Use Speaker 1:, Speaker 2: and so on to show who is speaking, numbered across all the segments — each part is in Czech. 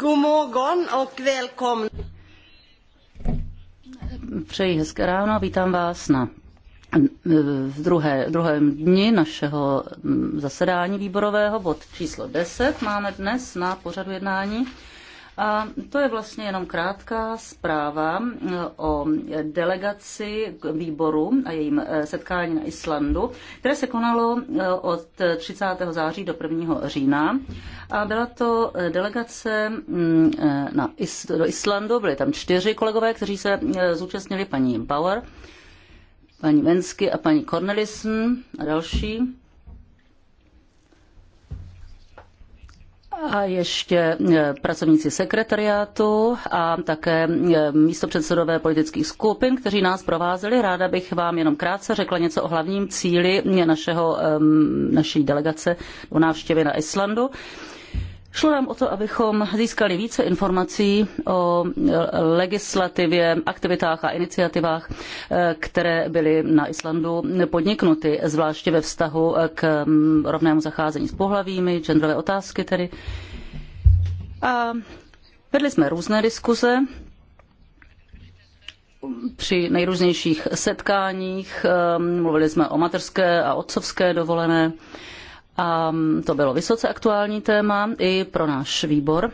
Speaker 1: God morgon och välkomna. Přeji hezké ráno a vítám vás na v druhé, druhém dni našeho mm, zasedání výborového, bod číslo 10 máme dnes na pořadu jednání. A to je vlastně jenom krátká zpráva eh, o delegaci k výboru a jejím eh, setkání na Islandu, které se konalo eh, od 30. září do 1. října. A byla to delegace mm, na Is- do Islandu, byly tam čtyři kolegové, kteří se zúčastnili, paní Bauer, paní Mensky a paní Cornelissen a další. a ještě e, pracovníci sekretariátu a také e, místopředsedové politických skupin, kteří nás provázeli. Ráda bych vám jenom krátce řekla něco o hlavním cíli našeho, e, naší delegace o návštěvě na Islandu. Šlo nám o to, abychom získali více informací o e, legislativě, aktivitách a iniciativách, e, které byly na Islandu podniknuty, zvláště ve vztahu k rovnému zacházení s pohlavími, genderové otázky tedy. A vedli jsme různé diskuze, při nejrůznějších setkáních, e, mluvili jsme o materské a otcovské dovolené, a mm, to bylo vysoce aktuální téma i pro náš výbor.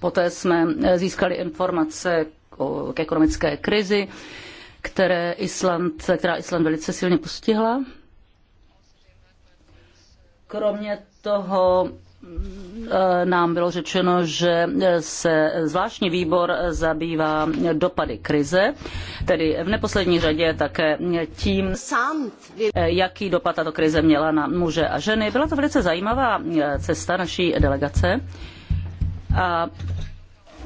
Speaker 1: Poté jsme získali informace k ekonomické krizi, které Island, která Island velice silně postihla. Kromě toho Eh, nám bylo řečeno, že eh, se zvláštní výbor zabývá dopady krize, tedy v neposlední řadě také tím, eh, jaký dopad tato krize měla na muže a ženy. Byla to velice zajímavá cesta naší delegace a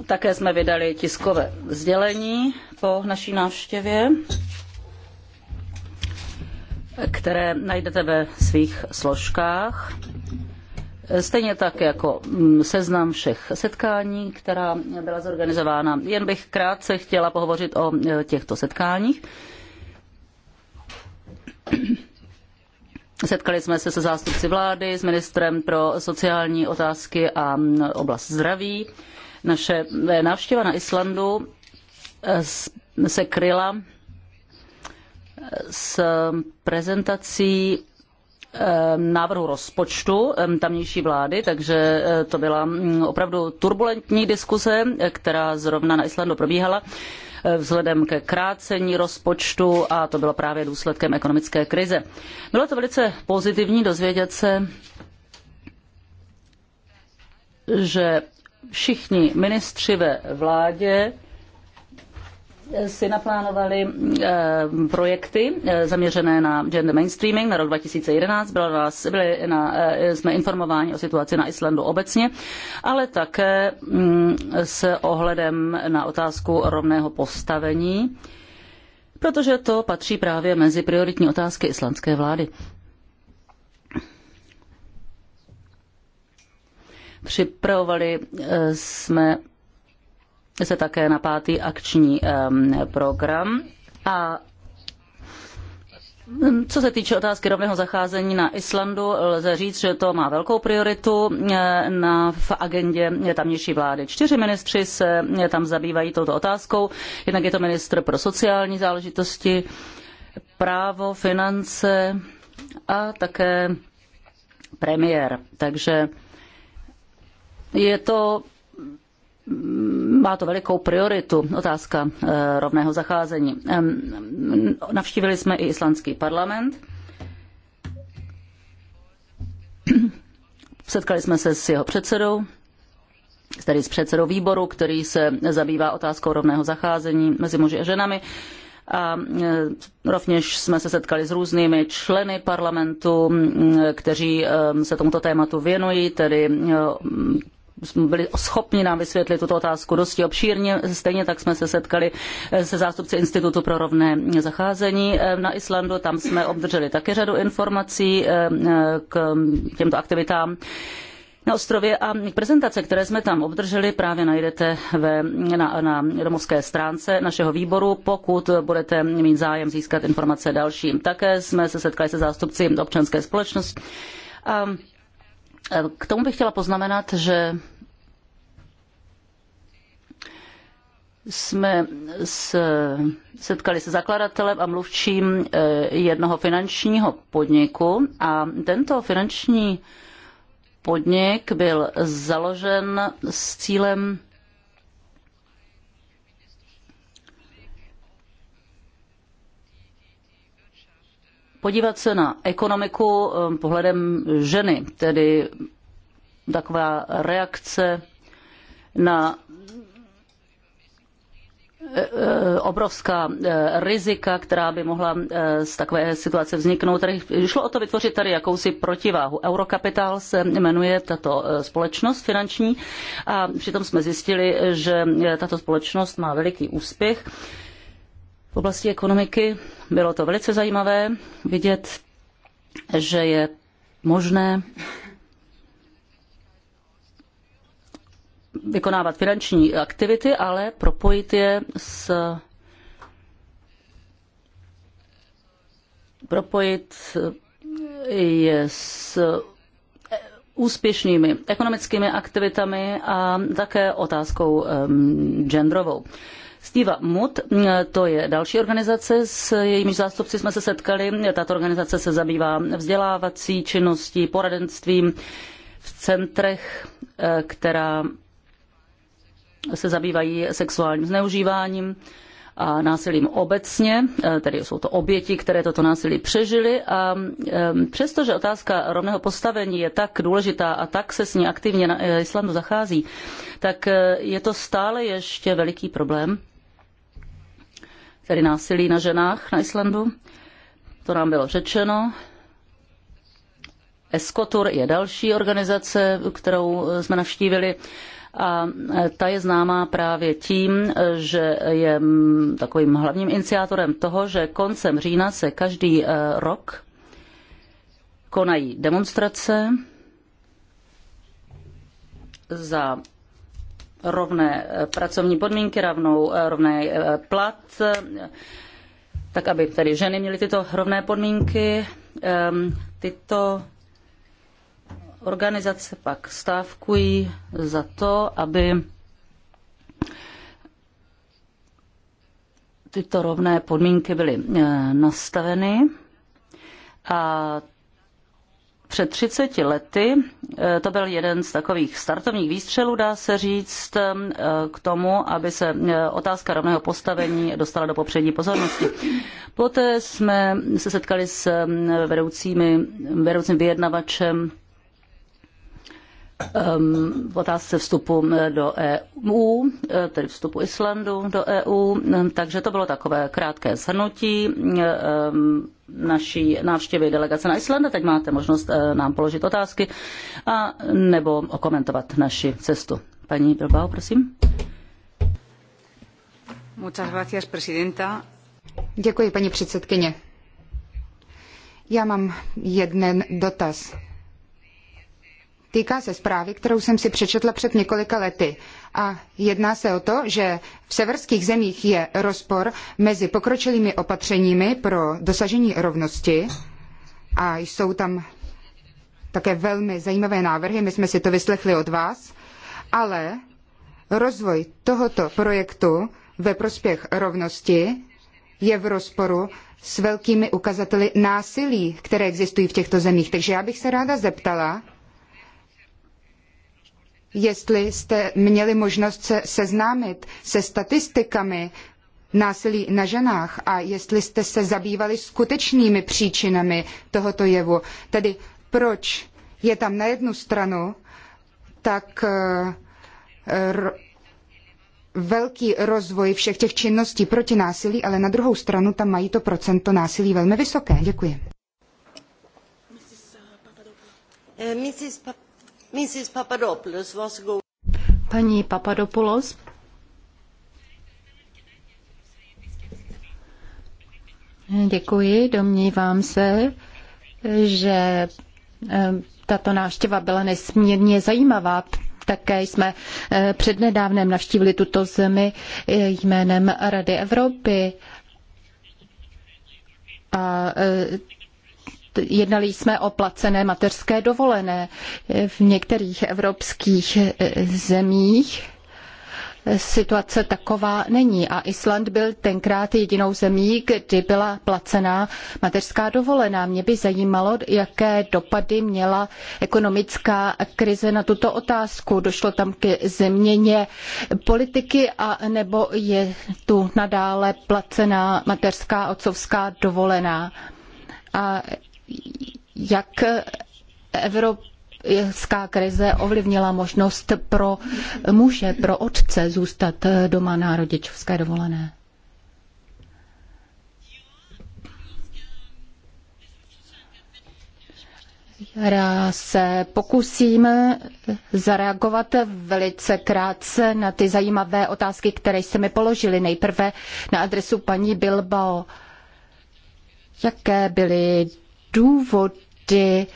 Speaker 1: také jsme vydali tiskové sdělení po naší návštěvě které najdete ve svých složkách. Stejně tak jako mm, seznam všech setkání, která byla zorganizována. Jen bych krátce chtěla pohovořit o e, těchto setkáních. Setkali jsme se se zástupci vlády, s ministrem pro sociální otázky a mm, oblast zdraví. Naše e, návštěva na Islandu e, se kryla s prezentací Eh, návrhu rozpočtu eh, tamnější vlády, takže eh, to byla mm, opravdu turbulentní diskuse, která zrovna na Islandu probíhala vzhledem ke krácení rozpočtu a to bylo právě důsledkem ekonomické krize. Bylo to velice pozitivní dozvědět se, že všichni ministři ve vládě si naplánovali eh, projekty eh, zaměřené na gender mainstreaming na rok 2011. Byli na, eh, jsme informováni o situaci na Islandu obecně, ale také mm, s ohledem na otázku rovného postavení, protože to patří právě mezi prioritní otázky islandské vlády. Připravovali jsme se také na pátý akční program. A co se týče otázky rovného zacházení na Islandu, lze říct, že to má velkou prioritu na, v agendě tamnější vlády. Čtyři ministři se tam zabývají touto otázkou. Jednak je to ministr pro sociální záležitosti, právo, finance a také premiér. Takže je to má to velikou prioritu, otázka eh, rovného zacházení. Navštívili jsme i islandský parlament. Setkali jsme se s jeho předsedou, tedy s předsedou výboru, který se zabývá otázkou rovného zacházení mezi muži a ženami. A eh, rovněž jsme se setkali s různými členy parlamentu, kteří eh, se tomuto tématu věnují, tedy byli schopni nám vysvětlit tuto otázku dosti obšírně. Stejně tak jsme se setkali se zástupci Institutu pro rovné zacházení eh, na Islandu. Tam jsme obdrželi také řadu informací eh, k těmto aktivitám na ostrově a prezentace, které jsme tam obdrželi, právě najdete ve, na, na domovské stránce našeho výboru, pokud budete mít zájem získat informace dalším. Také jsme se setkali se zástupci občanské společnosti. A k tomu bych chtěla poznamenat, že jsme se setkali se zakladatelem a mluvčím eh, jednoho finančního podniku a tento finanční podnik byl založen s cílem podívat se na ekonomiku eh, pohledem ženy, tedy taková reakce na eh, obrovská eh, rizika, která by mohla z takové situace vzniknout. Tady šlo o to vytvořit tady jakousi protiváhu. Eurokapitál se jmenuje tato společnost finanční a přitom jsme zjistili, že tato společnost má veliký úspěch v oblasti ekonomiky. Bylo to velice zajímavé vidět, že je možné vykonávat finanční aktivity, ale propojit je s propojit je s úspěšnými ekonomickými aktivitami a také otázkou genderovou. Steva Mut, to je další organizace, s jejímiž zástupci jsme se setkali. Tato organizace se zabývá vzdělávací činností, poradenstvím v centrech, eh, která se zabývají sexuálním zneužíváním a násilím obecně, eh, tedy jsou to oběti, které toto násilí přežily a eh, přestože otázka rovného postavení je tak důležitá a tak se s ní aktivně na Islandu zachází, tak je to stále ještě veliký problém tedy násilí na ženách na Islandu. To nám bylo řečeno. Eskotur je další organizace, kterou jsme navštívili a ta je známá právě tím, že je takovým hlavním iniciátorem toho, že koncem října se každý eh, rok konají demonstrace za rovné eh, pracovní podmínky, rovnou, eh, rovný eh, plat, tak aby tedy ženy měly tyto rovné podmínky. Ehm, tyto organizace pak stávkují za to, aby tyto rovné podmínky byly nastaveny. A před 30 lety e, to byl jeden z takových startovních výstřelů, dá se říct, e, k tomu, aby se e, otázka rovného postavení dostala do popřední pozornosti. Poté jsme se setkali s vedoucími, vedoucím vyjednavačem Ehm, v otázce vstupu eh, do EU, eh, tedy vstupu Islandu do EU. Ehm, takže to bylo takové krátké shrnutí ehm, naší návštěvy delegace na Island. Teď máte možnost eh, nám položit otázky a nebo okomentovat naši cestu. Paní Bilbao, prosím.
Speaker 2: Muchas gracias, presidenta. Děkuji, paní předsedkyně. Já mám jeden dotaz. Týká se zprávy, kterou jsem si přečetla před několika lety. A jedná se o to, že v severských zemích je rozpor mezi pokročilými opatřeními pro dosažení rovnosti a jsou tam také velmi zajímavé návrhy, my jsme si to vyslechli od vás, ale rozvoj tohoto projektu ve prospěch rovnosti je v rozporu s velkými ukazateli násilí, které existují v těchto zemích. Takže já bych se ráda zeptala, jestli jste měli možnost se seznámit se statistikami násilí na ženách a jestli jste se zabývali skutečnými příčinami tohoto jevu. Tedy proč je tam na jednu stranu tak eh, velký rozvoj všech těch činností proti násilí, ale na druhou stranu tam mají to procento násilí velmi vysoké. Děkuji.
Speaker 3: Eh, Mrs. Papadopoulos, Paní Papadopoulos. Děkuji, domnívám se, že eh, tato návštěva byla nesmírně zajímavá. Také jsme eh, přednedávnem navštívili tuto zemi eh, jménem Rady Evropy. A jednali jsme o placené mateřské dovolené. V některých evropských eh, zemích situace taková není. A Island byl tenkrát jedinou zemí, kdy byla placená mateřská dovolená. Mě by zajímalo, jaké dopady měla ekonomická krize na tuto otázku. Došlo tam k změně politiky a nebo je tu nadále placená mateřská otcovská dovolená. A jak evropská krize ovlivnila možnost pro muže, pro otce zůstat doma na rodičovské dovolené. Já se pokusím zareagovat velice krátce na ty zajímavé otázky, které jste mi položili. Nejprve na adresu paní Bilbao. Jaké byly důvody,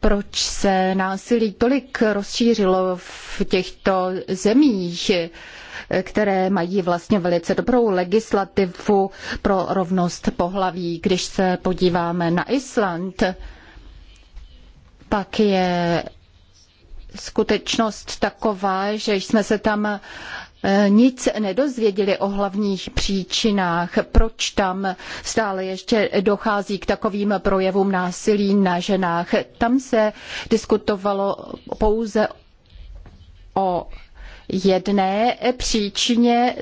Speaker 3: proč se násilí tolik rozšířilo v těchto zemích, které mají vlastně velice dobrou legislativu pro rovnost pohlaví. Když se podíváme na Island, pak je skutečnost taková, že jsme se tam Eh, nic nedozvěděli o hlavních příčinách, proč tam stále ještě dochází k takovým projevům násilí na ženách. Tam se diskutovalo pouze o jedné příčině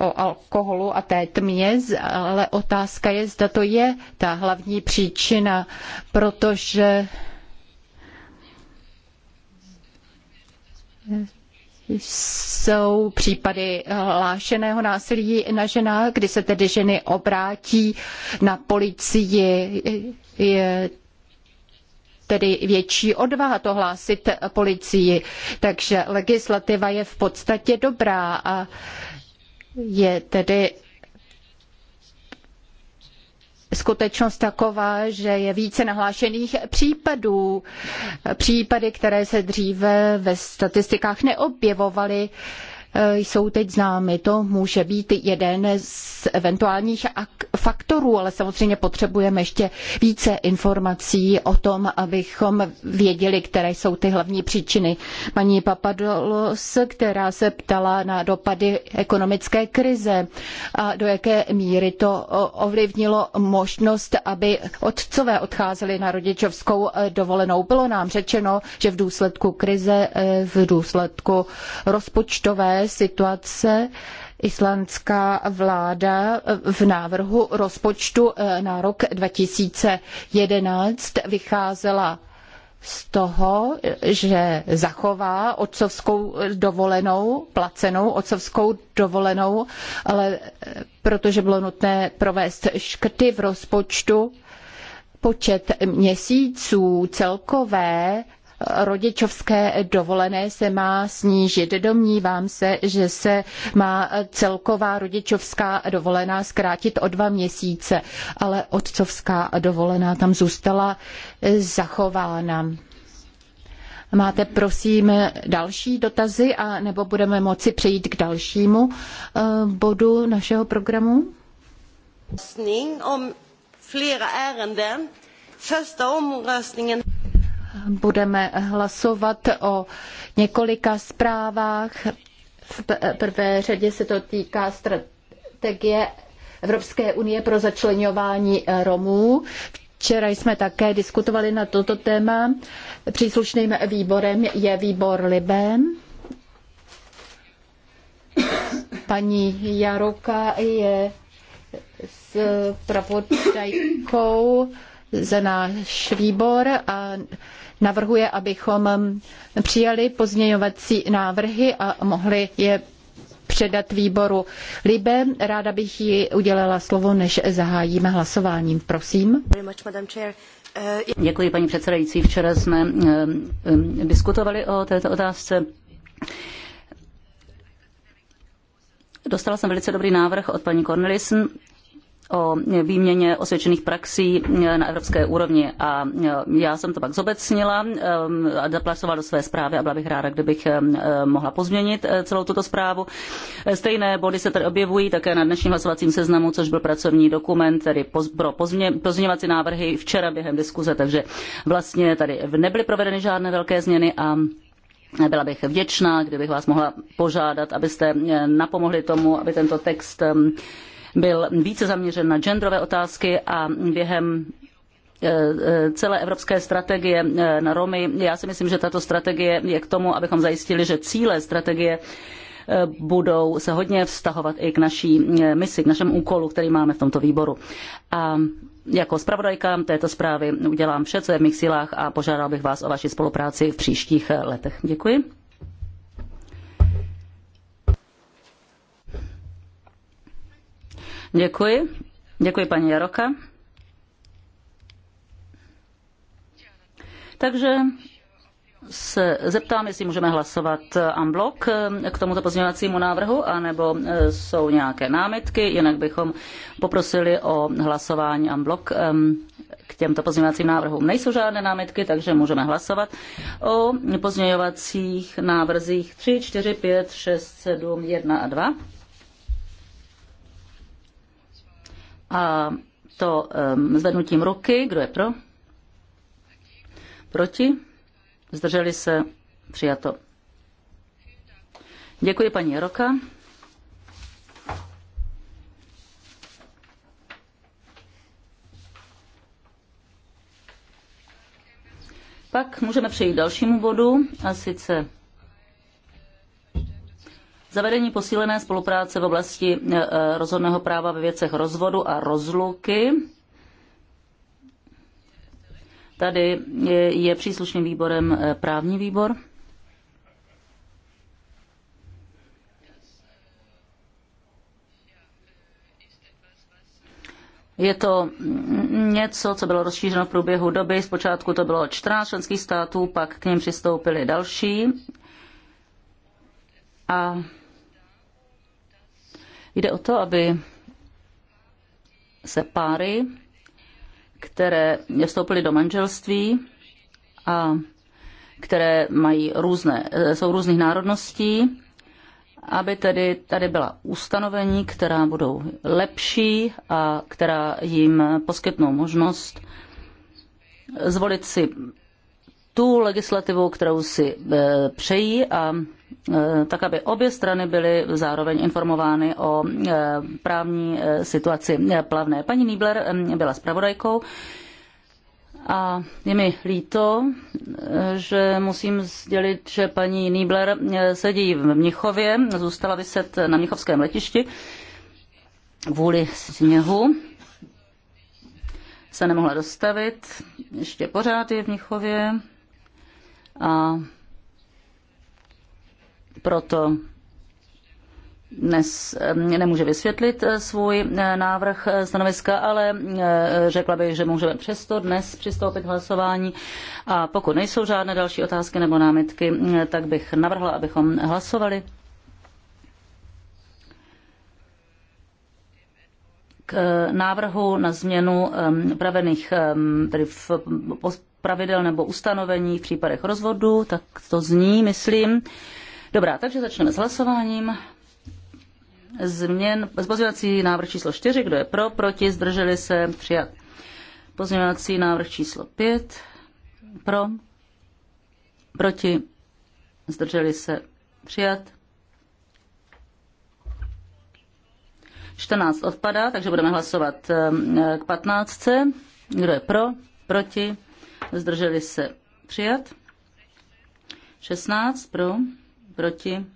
Speaker 3: o alkoholu a té tmě, ale otázka je, zda to je ta hlavní příčina, protože jsou případy eh, hlášeného násilí na ženách, kdy se tedy ženy obrátí na policii. Je tedy větší odvaha to hlásit policii. Takže legislativa je v podstatě dobrá a je tedy skutečnost taková, že je více nahlášených případů, případy, které se dříve ve statistikách neobjevovaly. Eh, jsou teď známy. To může být jeden z eventuálních faktorů, ale samozřejmě potřebujeme ještě více informací o tom, abychom věděli, které jsou ty hlavní příčiny. Paní Papadolos, která se ptala na dopady ekonomické krize a do jaké míry to ovlivnilo možnost, aby otcové odcházeli na rodičovskou eh, dovolenou. Bylo nám řečeno, že v důsledku krize, eh, v důsledku rozpočtové situace islandská vláda v návrhu rozpočtu eh, na rok 2011 vycházela z toho, že zachová otcovskou dovolenou, placenou otcovskou dovolenou, ale eh, protože bylo nutné provést škrty v rozpočtu, počet měsíců celkové rodičovské dovolené se má snížit. Domnívám se, že se má celková rodičovská dovolená zkrátit o dva měsíce, ale otcovská dovolená tam zůstala zachována. Máte prosím další dotazy a nebo budeme moci přejít k dalšímu eh, bodu našeho programu?
Speaker 1: Om flera ärenden. Första omröstningen
Speaker 3: budeme hlasovat o několika zprávách. V prvé řadě se to týká strategie Evropské unie pro začlenování eh, Romů. Včera jsme také diskutovali na toto téma. Příslušným výborem je výbor Libem. Paní Jaroka je s pravodajkou za náš výbor a navrhuje, abychom přijali pozměňovací návrhy a mohli je předat výboru Libe. Ráda bych ji udělala slovo, než zahájíme hlasováním. Prosím.
Speaker 1: Děkuji, paní předsedající. Včera jsme eh, eh, diskutovali o této otázce. Dostala jsem velice dobrý návrh od paní Cornelison o výměně osvědčených praxí eh, na evropské úrovni. A eh, já jsem to pak zobecnila eh, a zaplasovala do své zprávy a byla bych ráda, kdybych mohla pozměnit celou tuto zprávu. Stejné body se tady objevují také na dnešním hlasovacím seznamu, což byl pracovní dokument, tedy pro pozměňovací návrhy včera během diskuze, takže vlastně tady nebyly provedeny žádné velké změny a byla bych vděčná, kdybych vás mohla požádat, abyste napomohli tomu, aby tento text byl více zaměřen na genderové otázky a během e, e, celé evropské strategie e, na Romy. Já si myslím, že tato strategie je k tomu, abychom zajistili, že cíle strategie budou se hodně vztahovat i k naší misi, k našemu úkolu, který máme v tomto výboru. A jako zpravodajka této zprávy udělám vše, co je v mých silách a požádal bych vás o vaši spolupráci v příštích letech. Děkuji. Děkuji. Děkuji paní Jaroka. Takže se zeptám, jestli můžeme hlasovat unblock k tomuto pozměňovacímu návrhu, anebo e, jsou nějaké námitky, jinak bychom poprosili o hlasování unblock e, k těmto pozměňovacím návrhům. Nejsou žádné námitky, takže můžeme hlasovat o pozměňovacích návrzích 3, 4, 5, 6, 7, 1 a 2. A to zvednutím ruky. Kdo je pro? Proti? Zdrželi se? Přijato. Děkuji paní Roka. Pak můžeme přejít k dalšímu bodu, a sice Zavedení posílené spolupráce v oblasti e, e, rozhodného práva ve věcech rozvodu a rozluky. Tady je příslušným výborem e, právní výbor. Je to něco, co bylo rozšířeno v průběhu doby. Zpočátku to bylo 14 členských států, pak k ním přistoupili další. A Jde o to, aby se páry, které vstoupily do manželství a které mají různé, jsou různých národností, aby tedy tady byla ustanovení, která budou lepší a která jim poskytnou možnost zvolit si tu legislativu, kterou si eh, přejí a Eh, tak aby obě strany byly zároveň informovány o eh, právní eh, situaci plavné. Paní Niebler byla zpravodajkou a je mi líto, že musím sdělit, že paní Niebler sedí v Mnichově, zůstala vyset na Mnichovském letišti kvůli sněhu. Se nemohla dostavit, ještě pořád je v Mnichově a proto dnes eh, nemůže vysvětlit eh, svůj eh, návrh stanoviska, ale řekla bych, že můžeme přesto dnes přistoupit k hlasování. A pokud nejsou žádné další otázky nebo námitky, tak bych navrhla, abychom hlasovali. K návrhu na změnu ehm, pravených ehm, tedy v pravidel nebo ustanovení v případech rozvodu, tak to zní, myslím. Dobrá, takže začneme s hlasováním. Změn, pozměňovací návrh číslo 4, kdo je pro, proti, zdrželi se, přijat. Pozměňovací návrh číslo 5, pro, proti, zdrželi se, přijat. 14 odpadá, takže budeme hlasovat ehm, k 15. Kdo je pro, proti, zdrželi se, přijat. 16 pro, proti,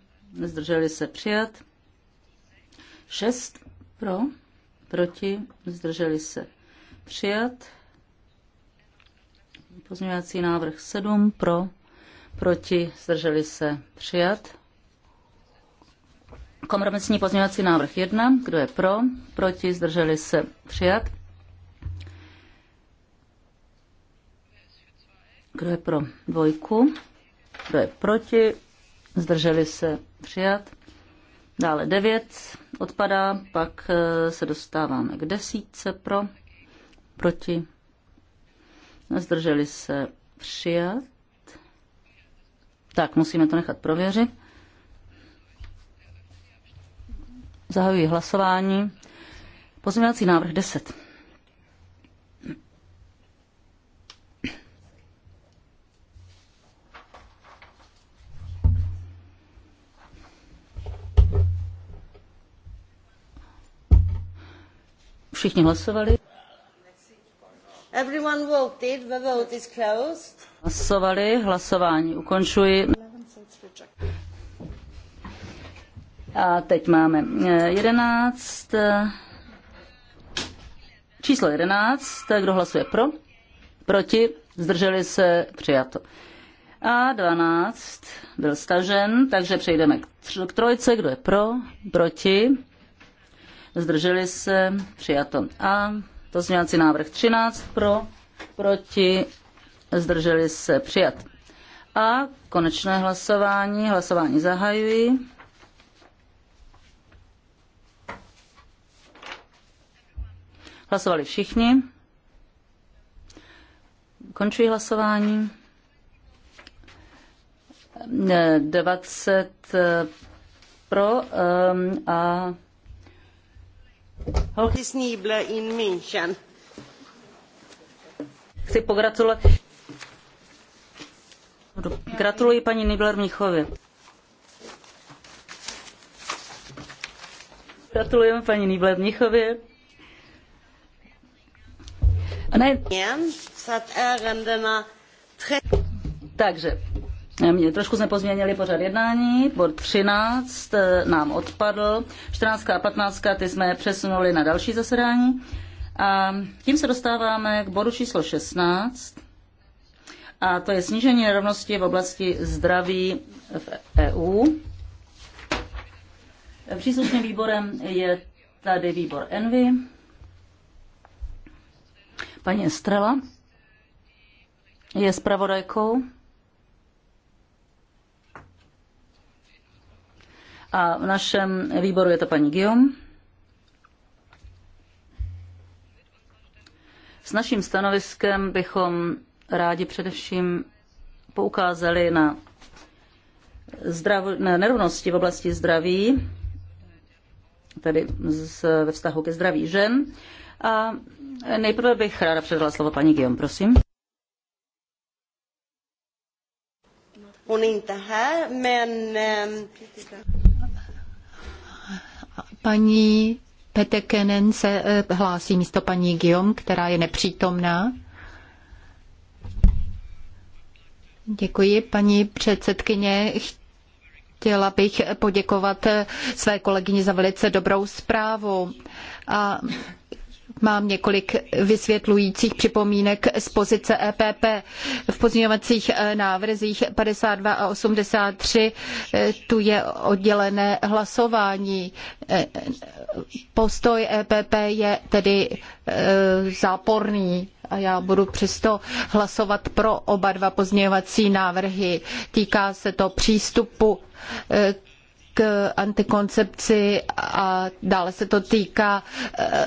Speaker 1: zdrželi se přijat. 6 pro, proti, zdrželi se přijat. Pozměňovací návrh 7 pro, proti, zdrželi se přijat. Kompromisní pozměňovací návrh 1, kdo je pro, proti, zdrželi se přijat. Kdo je pro dvojku? Kdo je proti? zdrželi se přijat. Dále 9 odpadá, pak eh, se dostáváme k desítce pro, proti, zdrželi se přijat. Tak, musíme to nechat prověřit. Zahajuji hlasování. Pozměňovací návrh 10. Všichni hlasovali.
Speaker 3: Everyone voted. The vote is closed.
Speaker 1: Hlasovali, hlasování ukončuji. A teď máme 11. Eh, eh, číslo 11. Kdo hlasuje pro? Proti? Zdrželi se? Přijato. A 12 byl stažen, takže přejdeme k trojce. Kdo je pro? Proti? zdrželi se, přijato. A pozměňovací návrh 13 pro, proti, zdrželi se, přijat. A konečné hlasování, hlasování zahajuji. Hlasovali všichni. Končuji hlasování. 20 eh, eh, pro ehm, a Holky Sníble in München. Chci pogratulovat. Gratuluji paní Nibler Mnichově. Gratulujeme paní Nibler Mnichově. Ne. Takže mě trošku jsme pozměnili pořad jednání, bod 13 eh, nám odpadl, 14 a 15 ty jsme přesunuli na další zasedání. A tím se dostáváme k bodu číslo 16, a to je snížení nerovnosti v oblasti zdraví v EU. Příslušným výborem je tady výbor Envy. Paní Estrela je zpravodajkou. A v našem výboru je to paní Guillaume. S naším stanoviskem bychom rádi především poukázali na zdrav, na nerovnosti v oblasti zdraví, tedy z, ve vztahu ke zdraví žen. A nejprve bych ráda předala slovo paní Gion, prosím. Hon är inte här, men... Ehm,
Speaker 3: Paní Petekenen se eh, hlásí místo paní Guillaume, která je nepřítomná. Děkuji, paní předsedkyně. Chtěla bych poděkovat eh, své kolegyni za velice dobrou zprávu. A Mám několik vysvětlujících připomínek z pozice EPP. V pozměňovacích eh, návrzích 52 a 83 eh, tu je oddělené hlasování. Eh, postoj EPP je tedy záporný a já budu přesto hlasovat pro oba dva pozměňovací návrhy. Týká se to přístupu k antikoncepci a dále se to týká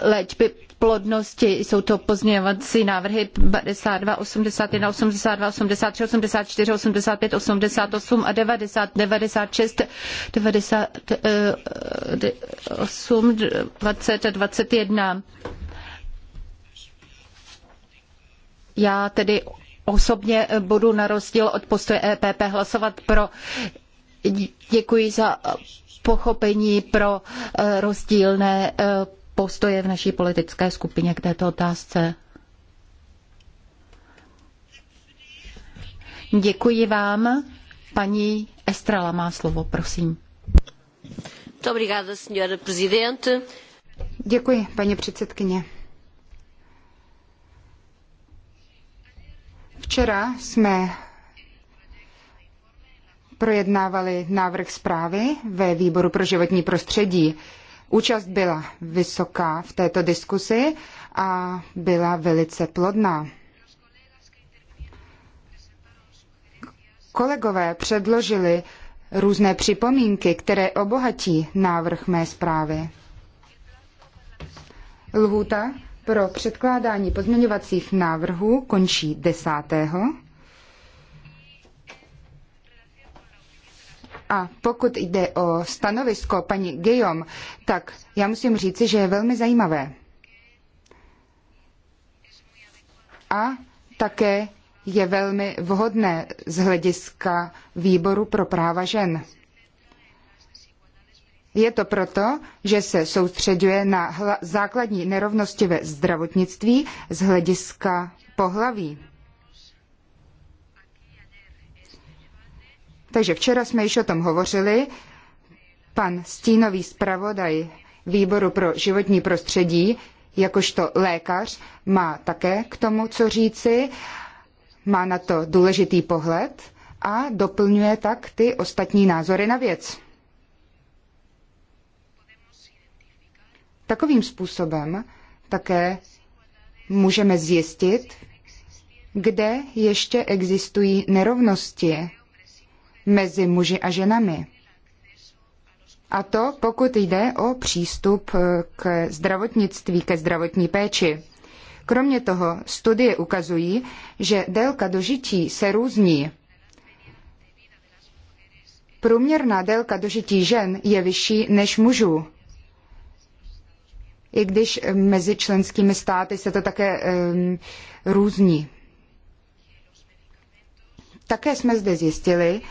Speaker 3: léčby plodnosti. Jsou to pozměňovací návrhy 52, 81, 82, 83, 84, 85, 88 a 90, 96, 98, 20 a 21. Já tedy osobně budu na rozdíl od postoje EPP hlasovat pro. Děkuji za pochopení pro eh, rozdílné eh, postoje v naší politické skupině k této otázce. Děkuji vám. Paní Estrala má slovo, prosím.
Speaker 2: Děkuji, paní předsedkyně. Včera jsme projednávali návrh zprávy ve výboru pro životní prostředí. Účast byla vysoká v této diskusi a byla velice plodná. Kolegové předložili různé připomínky, které obohatí návrh mé zprávy. Lhůta pro předkládání pozměňovacích návrhů končí 10. A pokud jde o stanovisko paní Guillaume, tak já musím říci, že je velmi zajímavé. A také je velmi vhodné z hlediska výboru pro práva žen. Je to proto, že se soustředuje na základní nerovnosti ve zdravotnictví z hlediska pohlaví. Takže včera jsme již o tom hovořili. Pan stínový zpravodaj výboru pro životní prostředí, jakožto lékař, má také k tomu co říci, má na to důležitý pohled a doplňuje tak ty ostatní názory na věc. Takovým způsobem také můžeme zjistit, kde ještě existují nerovnosti mezi muži a ženami. A to pokud jde o přístup eh, k zdravotnictví, ke zdravotní péči. Kromě toho studie ukazují, že délka dožití se různí. Průměrná délka dožití žen je vyšší než mužů. I když eh, mezi členskými státy se to také um, různí. Také jsme zde zjistili,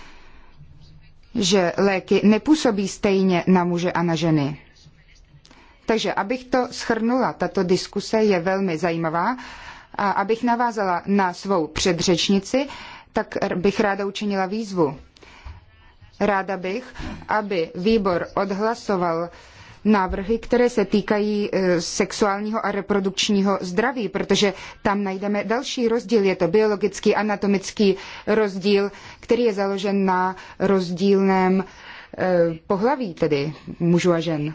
Speaker 2: že léky nepůsobí stejně na muže a na ženy. Takže abych to schrnula, tato diskuse je velmi zajímavá a abych navázala na svou předřečnici, tak bych ráda učinila výzvu. Ráda bych, aby výbor odhlasoval návrhy, které se týkají e, sexuálního a reprodukčního zdraví, protože tam najdeme další rozdíl. Je to biologický, anatomický rozdíl, který je založen na rozdílném e, pohlaví, tedy mužů a žen.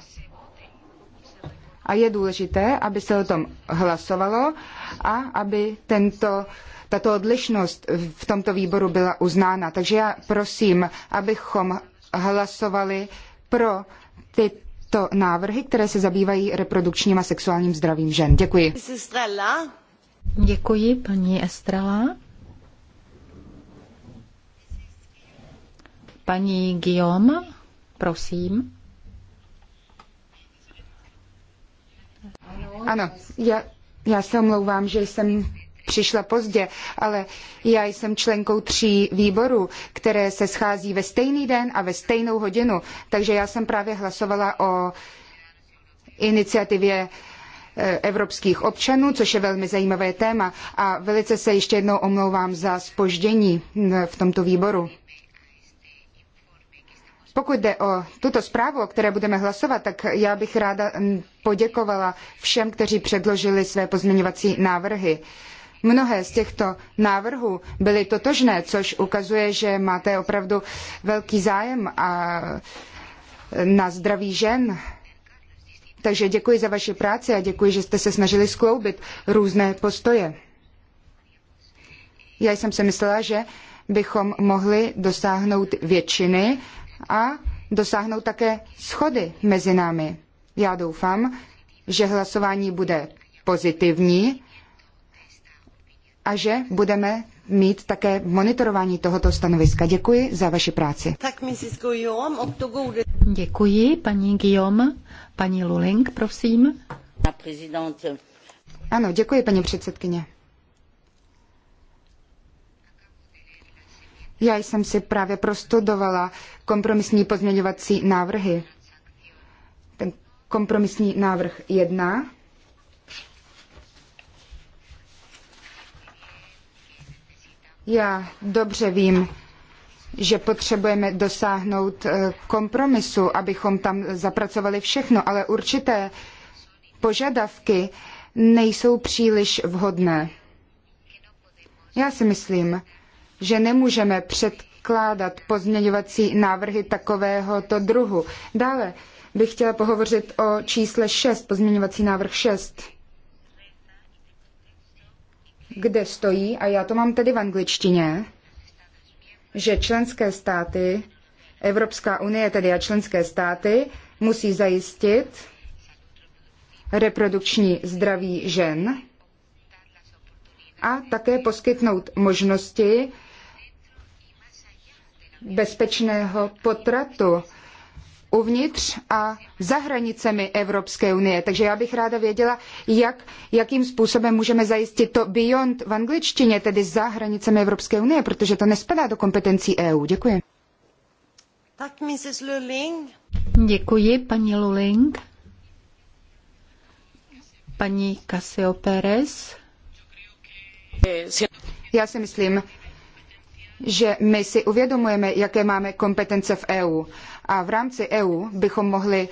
Speaker 2: A je důležité, aby se o tom hlasovalo a aby tento, tato odlišnost v tomto výboru byla uznána. Takže já prosím, abychom hlasovali pro ty, to návrhy, které se zabývají reprodukčním a sexuálním zdravím žen. Děkuji. Děkuji, paní Estrela.
Speaker 3: Paní Guillaume, prosím.
Speaker 2: Ano, já, já se omlouvám, že jsem přišla pozdě, ale já jsem členkou tří výborů, které se schází ve stejný den a ve stejnou hodinu, takže já jsem právě hlasovala o iniciativě eh, evropských občanů, což je velmi zajímavé téma a velice se ještě jednou omlouvám za spoždění mm, v tomto výboru. Pokud jde o tuto zprávu, o které budeme hlasovat, tak já bych ráda mm, poděkovala všem, kteří předložili své pozměňovací návrhy. Mnohé z těchto návrhů byly totožné, což ukazuje, že máte opravdu velký zájem a na zdraví žen. Takže děkuji za vaši práci a děkuji, že jste se snažili skloubit různé postoje. Já jsem si myslela, že bychom mohli dosáhnout většiny a dosáhnout také schody mezi námi. Já doufám, že hlasování bude pozitivní a že budeme mít také monitorování tohoto stanoviska. Děkuji za vaši práci.
Speaker 3: Děkuji, paní Guillaume. Paní Luling, prosím.
Speaker 2: Ano, děkuji, paní předsedkyně. Já jsem si právě prostudovala kompromisní pozměňovací návrhy. Ten kompromisní návrh jedna. Já dobře vím, že potřebujeme dosáhnout eh, kompromisu, abychom tam zapracovali všechno, ale určité požadavky nejsou příliš vhodné. Já si myslím, že nemůžeme předkládat pozměňovací návrhy takovéhoto druhu. Dále bych chtěla pohovořit o čísle 6, pozměňovací návrh 6 kde stojí, a já to mám tedy v angličtině, že členské státy, Evropská unie tedy a členské státy, musí zajistit reprodukční zdraví žen a také poskytnout možnosti bezpečného potratu uvnitř a za hranicemi Evropské unie. Takže já bych ráda věděla, jak, jakým způsobem můžeme zajistit to beyond v angličtině, tedy za hranicemi Evropské unie, protože to nespadá do kompetencí EU. Děkuji.
Speaker 3: Tak, Mrs. Luling. Děkuji, paní Luling. Paní Casio
Speaker 2: Pérez. Já si myslím, že my si uvědomujeme, jaké máme kompetence v EU a v rámci EU bychom mohli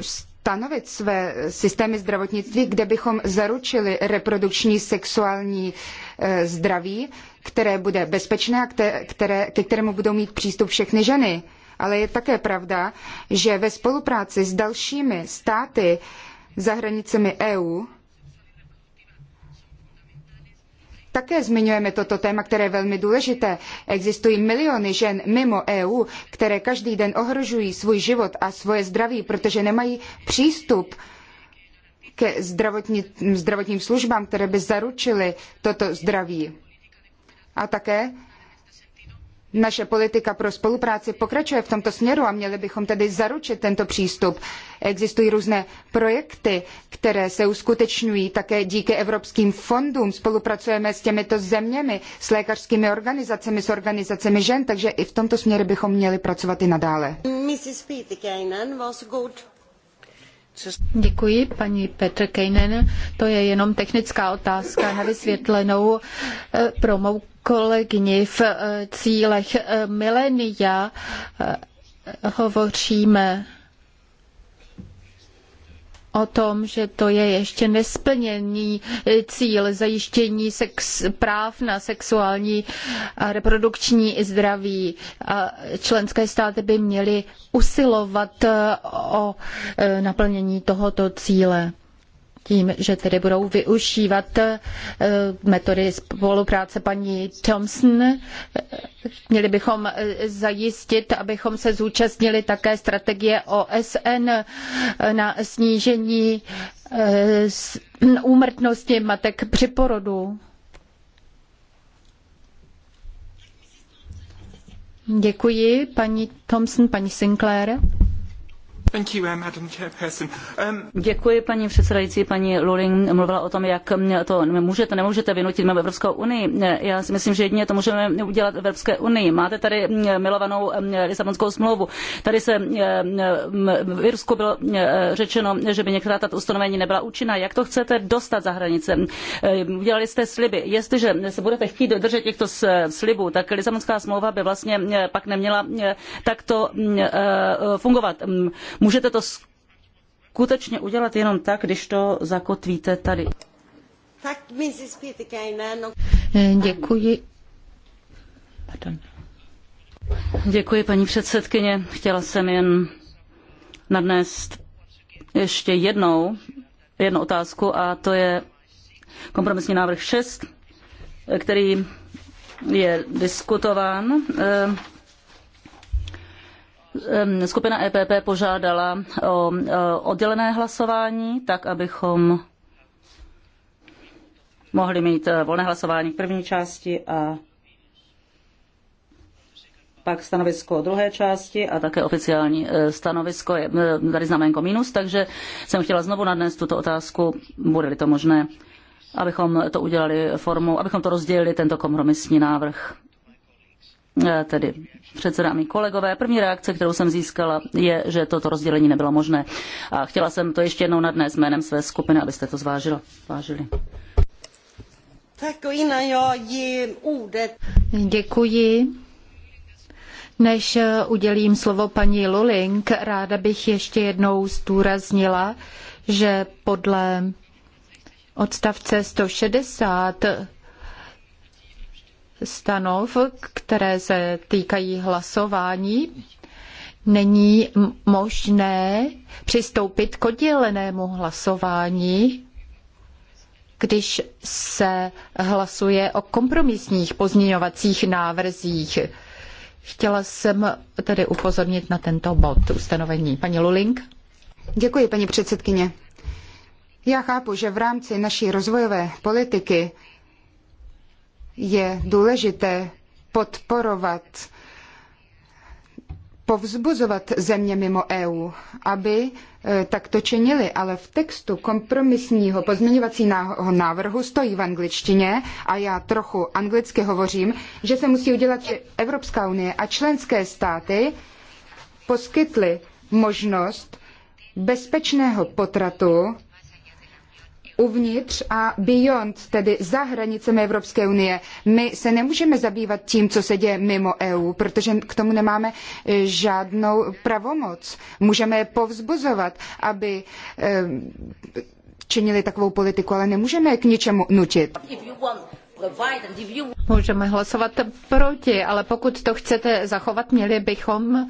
Speaker 2: stanovit své systémy zdravotnictví, kde bychom zaručili reprodukční sexuální e, zdraví, které bude bezpečné a které, ke kterému budou mít přístup všechny ženy. Ale je také pravda, že ve spolupráci s dalšími státy za hranicemi EU také zmiňujeme toto téma, které je velmi důležité. Existují miliony žen mimo EU, které každý den ohrožují svůj život a svoje zdraví, protože nemají přístup ke zdravotním službám, které by zaručily toto zdraví. A také naše politika pro spolupráci pokračuje v tomto směru a měli bychom tedy zaručit tento přístup. Existují různé projekty, které se uskutečňují také díky evropským fondům. Spolupracujeme s těmito zeměmi, s lékařskými organizacemi, s organizacemi žen, takže i v tomto směru bychom měli pracovat i nadále. Děkuji, paní Petr Kejnen. To je jenom
Speaker 3: technická otázka na vysvětlenou eh, pro mou kolegyni v eh, cílech eh, milenia eh, hovoříme o tom, že to je ještě nesplněný cíl zajištění sex, práv na sexuální a reprodukční zdraví. A členské státy by měly usilovat o naplnění tohoto cíle tím, že tedy budou využívat eh, metody spolupráce paní Thompson. Měli bychom eh, zajistit, abychom se zúčastnili také strategie OSN eh, na snížení úmrtnosti matek při porodu. Děkuji, paní Thompson, paní Sinclair.
Speaker 1: Uh, um, Děkuji, paní předsedající. Paní Luling mluvila o tom, jak to můžete, nemůžete vynutit mimo Evropskou unii. Já si myslím, že jedině to můžeme udělat v Evropské unii. Máte tady milovanou Lisabonskou smlouvu. Tady se v Irsku bylo řečeno, že by některá tato ustanovení nebyla účinná. Jak to chcete dostat za hranice? E, udělali jste sliby. Jestliže se budete chtít držet těchto slibů, tak Lisabonská smlouva by vlastně pak neměla takto e, fungovat Můžete to skutečně udělat jenom tak, když to zakotvíte tady. No. Eh, děkuji. Pardon. Děkuji, paní předsedkyně. Chtěla jsem jen nadnést ještě jednou jednu otázku a to je kompromisní návrh 6, který je diskutován eh, skupina EPP požádala o oddělené hlasování, tak abychom mohli mít eh, volné hlasování k první části a pak stanovisko druhé části a také oficiální eh, stanovisko je eh, tady znamenko minus, takže jsem chtěla znovu nadnést tuto otázku, bude-li to možné, abychom to udělali formou, abychom to rozdělili, tento kompromisní návrh Eh, tedy předseda mý kolegové. První reakce, kterou jsem získala, je, že toto rozdělení nebylo možné. A chtěla jsem to ještě jednou nadnést jménem své skupiny, abyste to zvážila. Vážili.
Speaker 3: Děkuji. Než eh, udělím slovo paní Luling, ráda bych ještě jednou zdůraznila, že podle odstavce 160 stanov, které se týkají hlasování, není možné přistoupit k oddělenému hlasování, když se hlasuje o kompromisních pozměňovacích návrzích. Chtěla jsem tedy upozornit na tento bod ustanovení. Paní
Speaker 2: Luling? Děkuji, paní předsedkyně. Já chápu, že v rámci naší rozvojové politiky je důležité podporovat, povzbuzovat země mimo EU, aby e, takto činili, ale v textu kompromisního pozměňovacího návrhu stojí v angličtině a já trochu anglicky hovořím, že se musí udělat že Evropská unie a členské státy poskytly možnost bezpečného potratu uvnitř a beyond, tedy za hranicemi Evropské unie. My se nemůžeme zabývat tím, co se děje mimo EU, protože k tomu nemáme eh, žádnou pravomoc. Můžeme je povzbuzovat, aby eh, činili takovou politiku, ale nemůžeme je k ničemu nutit. Můžeme hlasovat proti,
Speaker 3: ale pokud to chcete zachovat, měli bychom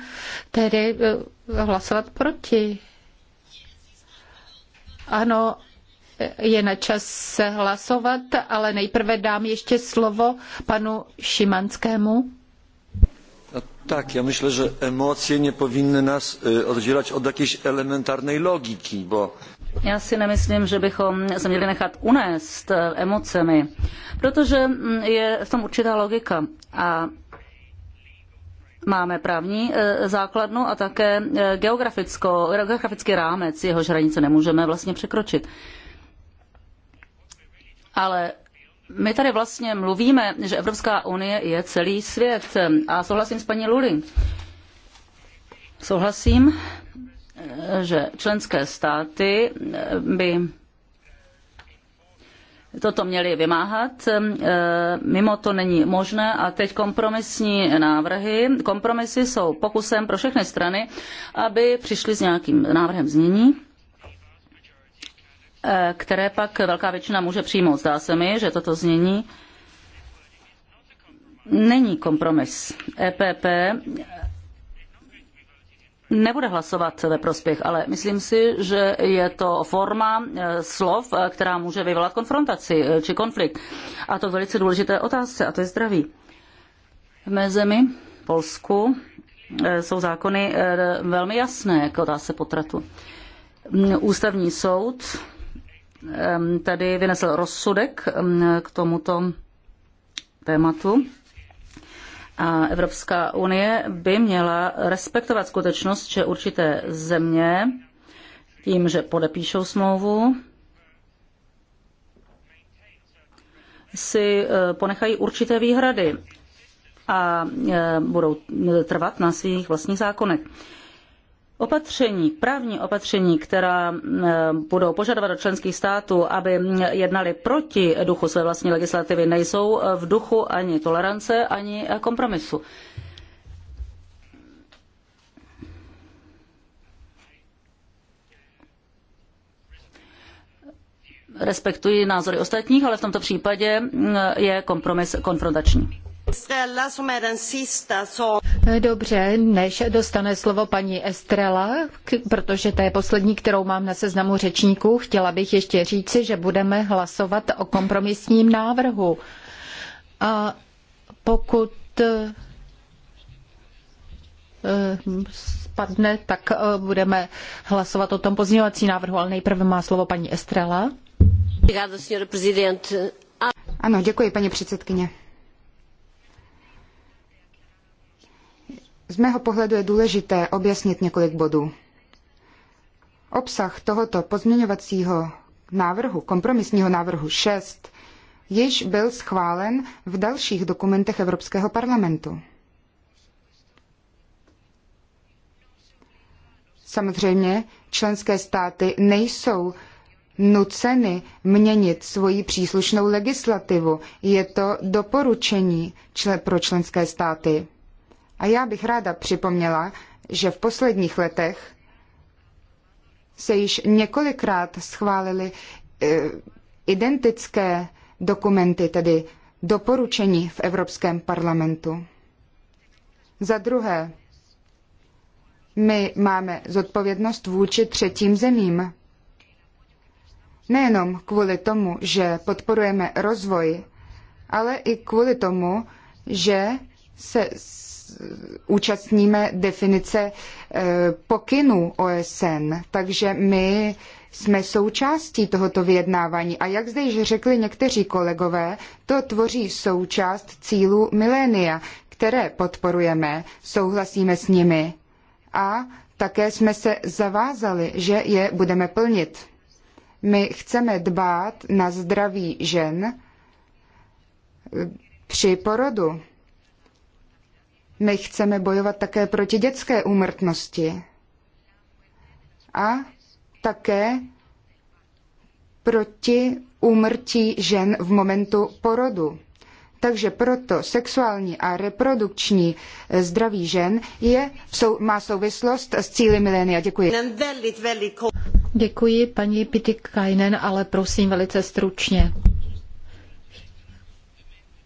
Speaker 3: tedy eh, hlasovat proti. Ano, je na čas hlasovat, ale nejprve dám ještě slovo panu Šimanskému. No tak, já myslím, že emoce nepovinny nás eh, oddělat od
Speaker 1: jakiejś elementární logiky, bo já si nemyslím, že bychom se měli nechat unést eh, emocemi, protože mm, je v tom určitá logika. A Máme právní eh, základnu a také geografickou, geografický rámec, jehož hranice nemůžeme vlastně překročit ale my tady vlastně mluvíme, že Evropská unie je celý svět a souhlasím s paní Luling. Souhlasím, že členské státy eh, by toto měli vymáhat. Eh, mimo to není možné a teď kompromisní návrhy. Kompromisy jsou pokusem pro všechny strany, aby přišli s nějakým návrhem znění Eh, které pak velká většina může přijmout. Zdá se mi, že toto znění není kompromis. EPP nebude hlasovat ve prospěch, ale myslím si, že je to forma eh, slov, eh, která může vyvolat konfrontaci či konflikt. A to velice důležité otázce, a to je zdraví. V mé zemi, Polsku, jsou zákony velmi jasné k otázce potratu. Mm, Ústavní soud tady vynesl rozsudek k tomuto tématu. A Evropská unie by měla respektovat skutečnost, že určité země tím, že podepíšou smlouvu, si eh, ponechají určité výhrady a eh, budou eh, trvat na svých vlastních zákonech. Opatření, právní opatření, která eh, budou požadovat od členských států, aby jednali proti duchu své vlastní legislativy, nejsou v duchu ani tolerance, ani kompromisu. Respektuji názory ostatních, ale v tomto případě eh, je kompromis konfrontační. Er
Speaker 3: Dobře, než dostane slovo paní Estrela, protože to je poslední, kterou mám na seznamu řečníků, chtěla bych ještě říci, že budeme hlasovat o kompromisním návrhu. A pokud eh, spadne, tak eh, budeme hlasovat o tom pozměňovací návrhu, ale nejprve má slovo paní Estrela.
Speaker 2: Ano, děkuji, paní předsedkyně. Z mého pohledu je důležité objasnit několik bodů. Obsah tohoto pozměňovacího návrhu, kompromisního návrhu 6, již byl schválen v dalších dokumentech Evropského parlamentu. Samozřejmě členské státy nejsou nuceny měnit svoji příslušnou legislativu. Je to doporučení pro členské státy. A já bych ráda připomněla, že v posledních letech se již několikrát schválily eh, identické dokumenty, tedy doporučení v Evropském parlamentu. Za druhé, my máme zodpovědnost vůči třetím zemím. Nejenom kvůli tomu, že podporujeme rozvoj, ale i kvůli tomu, že se účastníme definice eh, pokynů OSN, takže my jsme součástí tohoto vyjednávání. A jak zde již řekli někteří kolegové, to tvoří součást cílů milénia, které podporujeme, souhlasíme s nimi a také jsme se zavázali, že je budeme plnit. My chceme dbát na zdraví žen eh, při porodu my chceme bojovat také proti dětské úmrtnosti a také proti úmrtí žen v momentu porodu. Takže proto sexuální a reprodukční eh, zdraví žen je, sou, má souvislost s cíly milénia. Děkuji. Děkuji paní Pitikainen, ale prosím velice stručně.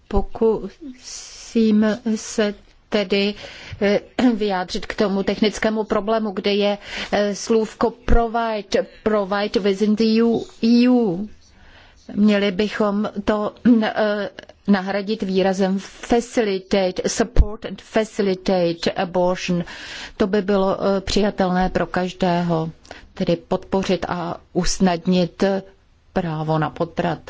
Speaker 3: Pokusím se tedy eh, vyjádřit k tomu technickému problému, kde je eh, slůvko provide, provide within the EU. Měli bychom to mm, eh, nahradit výrazem facilitate, support and facilitate abortion. To by bylo přijatelné pro každého, tedy podpořit a usnadnit právo na potrat.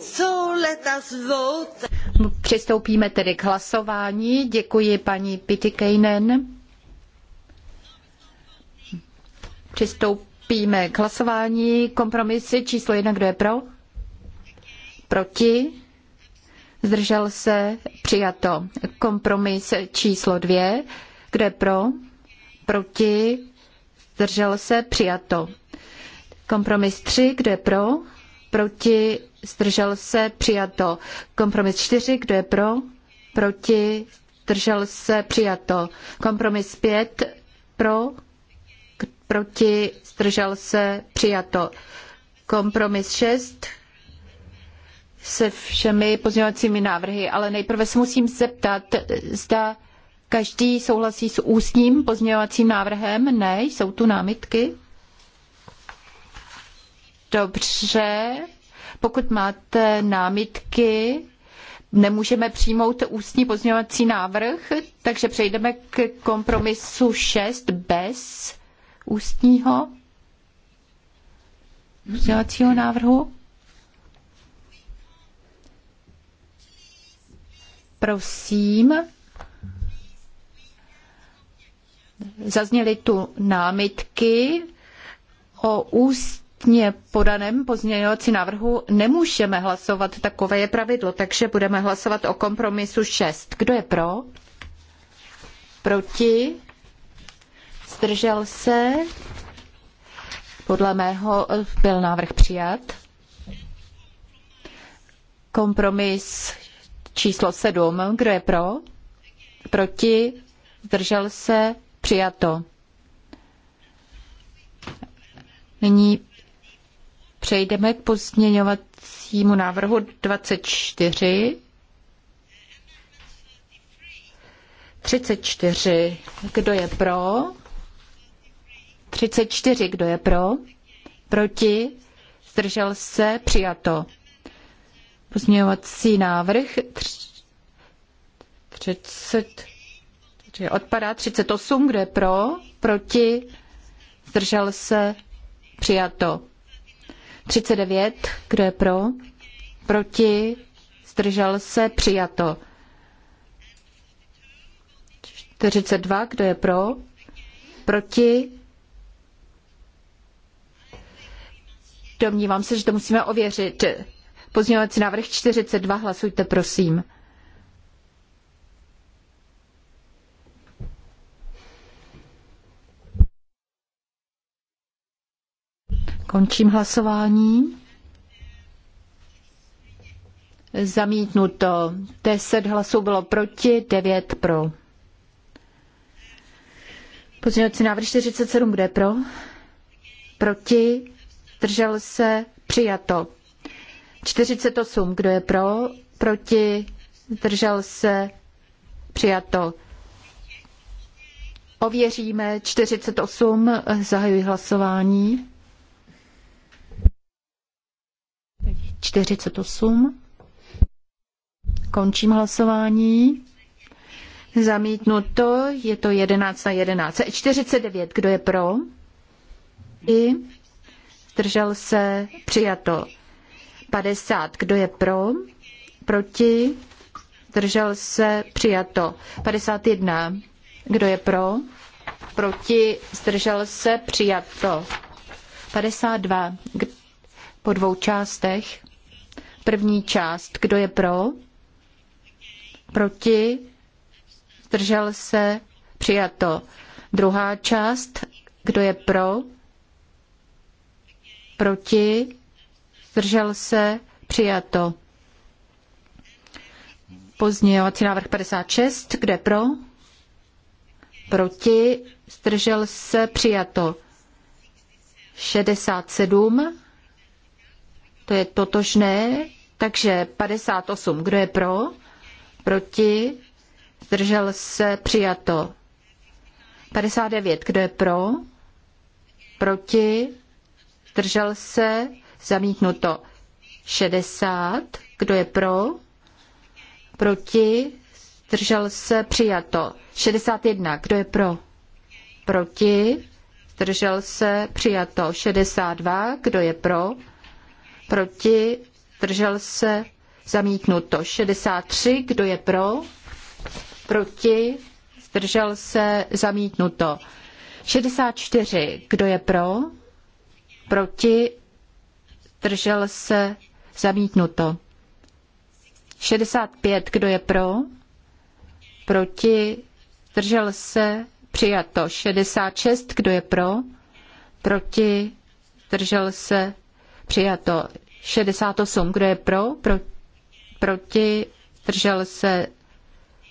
Speaker 1: So let us vote.
Speaker 3: No, přistoupíme tedy k hlasování. Děkuji paní Pitikejnen. Přistoupíme k hlasování. Kompromisy číslo jedna, kdo je pro? Proti? Zdržel se? Přijato. Kompromis číslo dvě, kdo je pro? Proti? Zdržel se? Přijato. Kompromis tři, kdo je pro? Proti? zdržel se, přijato. Kompromis 4, kdo je pro, proti, zdržel se, přijato. Kompromis 5, pro, proti, zdržel se, přijato. Kompromis 6, se všemi pozměňovacími návrhy, ale nejprve se musím zeptat, zda každý souhlasí s ústním pozměňovacím návrhem? Ne, jsou tu námitky? Dobře, pokud máte námitky, nemůžeme přijmout ústní pozměňovací návrh, takže přejdeme k kompromisu 6 bez ústního pozměňovacího návrhu. Prosím, zazněly tu námitky o ústní ústně podaném pozměňovací návrhu nemůžeme hlasovat, takové je pravidlo, takže budeme hlasovat o kompromisu 6. Kdo je pro? Proti? Zdržel se? Podle mého eh, byl návrh přijat. Kompromis číslo 7. Kdo je pro? Proti? Zdržel se? Přijato. Nyní Přejdeme k pozměňovacímu návrhu 24. 34. Kdo je pro? 34. Kdo je pro? Proti? Zdržel se? Přijato. Pozměňovací návrh 30. Odpadá 38. Kdo je pro? Proti? Zdržel se? Přijato. 39, kdo je pro? Proti? Zdržel se? Přijato. 42, kdo je pro? Proti? Domnívám se, že to musíme ověřit. Pozměňovací návrh 42, hlasujte prosím. Končím hlasování. Zamítnuto. 10 hlasů bylo proti, 9 pro. Pozměňovací návrh 47, kde pro? Proti, držel se, přijato. 48, kdo je pro? Proti, držel se, přijato. Ověříme 48, zahajuji hlasování. 48. Končím hlasování. Zamítnuto, je to 11 na 11. 49, kdo je pro? I zdržel se, přijato. 50, kdo je pro? Proti, Držel se, přijato. 51, kdo je pro? Proti, zdržel se, přijato. 52, po dvou částech. První část, kdo je pro? Proti? Zdržel se? Přijato. Druhá část, kdo je pro? Proti? Zdržel se? Přijato. Pozdějovací návrh 56, kde pro? Proti? Zdržel se? Přijato. 67 to je totožné, takže 58, kdo je pro, proti, zdržel se, přijato. 59, kdo je pro, proti, zdržel se, zamítnuto. 60, kdo je pro, proti, zdržel se, přijato. 61, kdo je pro, proti, zdržel se, přijato. 62, kdo je pro, proti, držel se, zamítnuto. 63, kdo je pro, proti, zdržel se, zamítnuto. 64, kdo je pro, proti, zdržel se, zamítnuto. 65, kdo je pro, proti, zdržel se, přijato. 66, kdo je pro, proti, zdržel se, přijato. 68. Kdo je pro? pro proti? Držel se?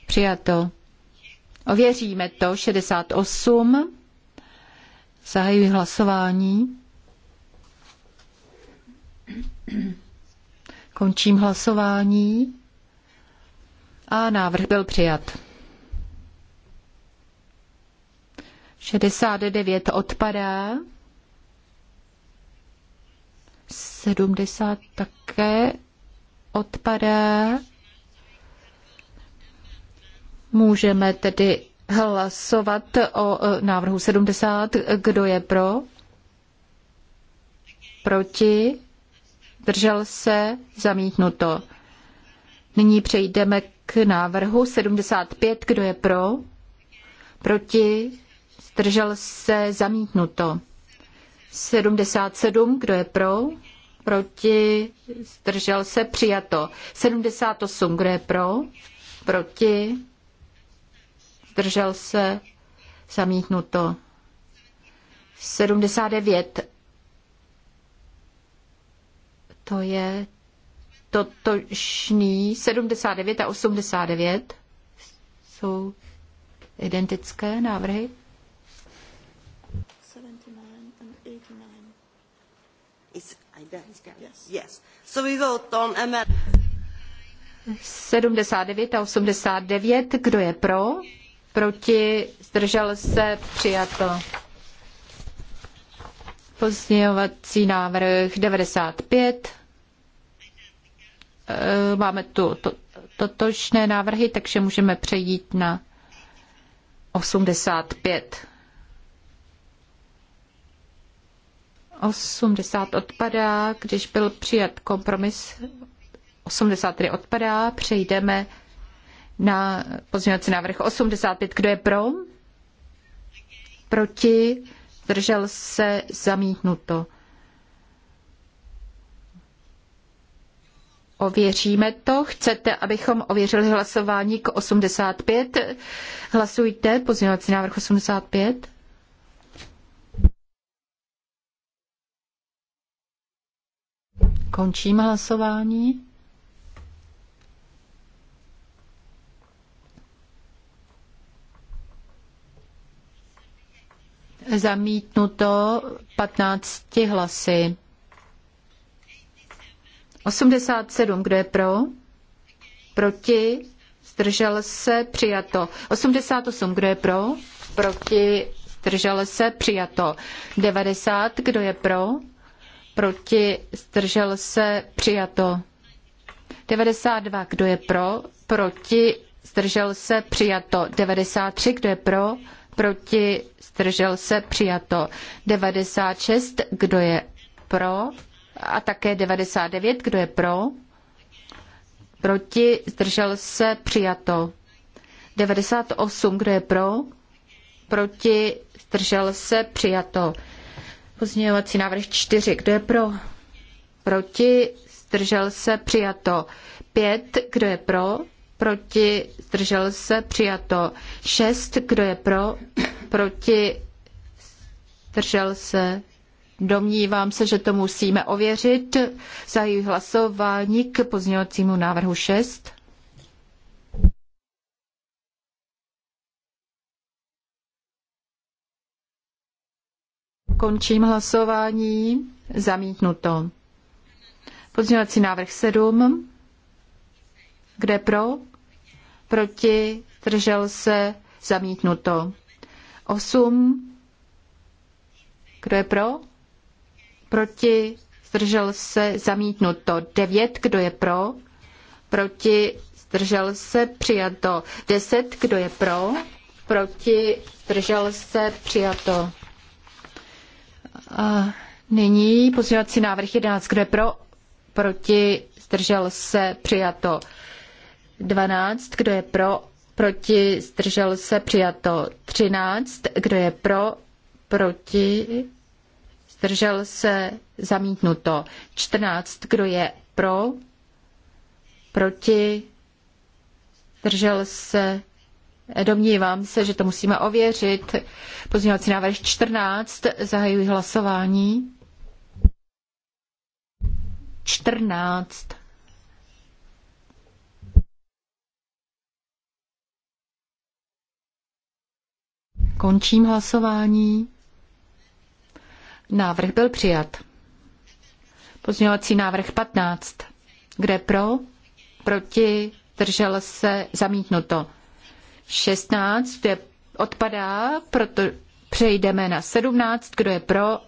Speaker 3: Přijato. Ověříme to. 68. Zahajuji hlasování. Končím hlasování. A návrh byl přijat. 69 odpadá. 70 také odpadá. Můžeme tedy hlasovat o e, návrhu 70. Kdo je pro? Proti? Držel se? Zamítnuto. Nyní přejdeme k návrhu 75. Kdo je pro? Proti? Držel se? Zamítnuto. 77. Kdo je pro? proti, zdržel se, přijato. 78, kdo je pro, proti, zdržel se, zamítnuto. 79, to je totožný, 79 a 89 jsou identické návrhy. 79 a 89, kdo je pro? Proti, zdržel se, přijato. Pozměňovací návrh 95. Eh, máme tu totožné návrhy, takže můžeme přejít na 85. 80 odpadá, když byl přijat kompromis 83 odpadá, přejdeme na pozměňovací návrh 85. Kdo je pro? Proti? Zdržel se? Zamítnuto. Ověříme to. Chcete, abychom ověřili hlasování k 85? Hlasujte. Pozměňovací návrh 85. Končím hlasování. Zamítnuto 15 hlasy. 87, kdo je pro? Proti? Zdržel se? Přijato. 88, kdo je pro? Proti? Zdržel se? Přijato. 90, kdo je pro? proti, zdržel se, přijato. 92, kdo je pro, proti, zdržel se, přijato. 93, kdo je pro, proti, zdržel se, přijato. 96, kdo je pro, a také 99, kdo je pro, proti, zdržel se, přijato. 98, kdo je pro, proti, zdržel se, přijato. Pozměňovací návrh 4. Kdo je pro? Proti? Zdržel se? Přijato. 5. Kdo je pro? Proti? Zdržel se? Přijato. 6. Kdo je pro? Proti? Zdržel se? Domnívám se, že to musíme ověřit. Zahajuji hlasování k pozměňovacímu návrhu 6. Končím hlasování. Zamítnuto. Pozměňovací návrh 7. Kde pro? Proti? Držel se? Zamítnuto. 8. Kdo je pro? Proti? Zdržel se? Zamítnuto. 9. Kdo je pro? Proti? Zdržel se? Přijato. 10. Kdo je pro? Proti? Zdržel se? Přijato. A nyní pozměňovací návrh 11. Kdo je pro? Proti? Zdržel se? Přijato. 12. Kdo je pro? Proti? Zdržel se? Přijato. 13. Kdo je pro? Proti? Zdržel se? Zamítnuto. 14. Kdo je pro? Proti? Zdržel se? Domnívám se, že to musíme ověřit. Pozměňovací návrh 14. Zahajuji hlasování. 14. Končím hlasování. Návrh byl přijat. Pozměňovací návrh 15. Kde pro? Proti? Držel se? Zamítnuto. 16, kde odpadá, proto přejdeme na 17, kdo je pro,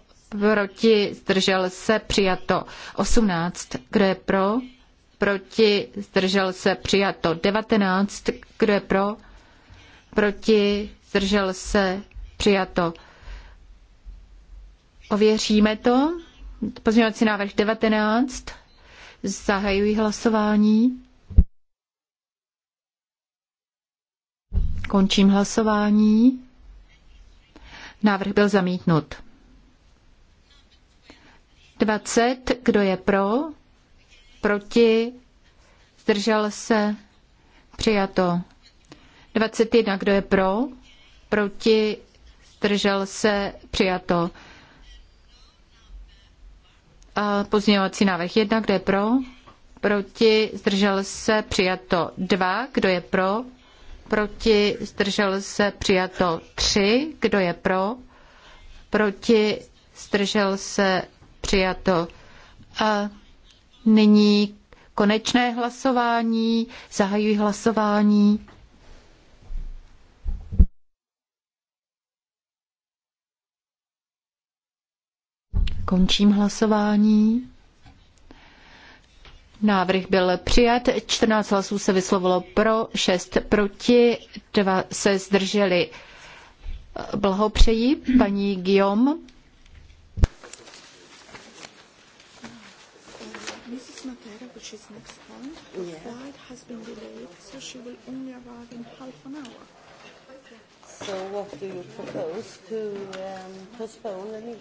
Speaker 3: proti, zdržel se, přijato 18, kdo je pro, proti, zdržel se, přijato 19, kdo je pro, proti, zdržel se, přijato. Ověříme to. Pozměňovací návrh 19. Zahajuji hlasování. Končím hlasování. Návrh byl zamítnut. 20. Kdo je pro? Proti? Zdržel se? Přijato. 21. Kdo je pro? Proti? Zdržel se? Přijato. A pozměňovací návrh 1. Kdo je pro? Proti? Zdržel se? Přijato. 2. Kdo je pro? proti, zdržel se přijato 3, kdo je pro, proti, zdržel se přijato. A nyní konečné hlasování, zahajuji hlasování. Končím hlasování. Návrh byl přijat, 14 hlasů se vyslovilo pro, 6 proti, 2 se zdrželi. Blahopřeji paní Guillaume.
Speaker 1: So what do you propose to um, postpone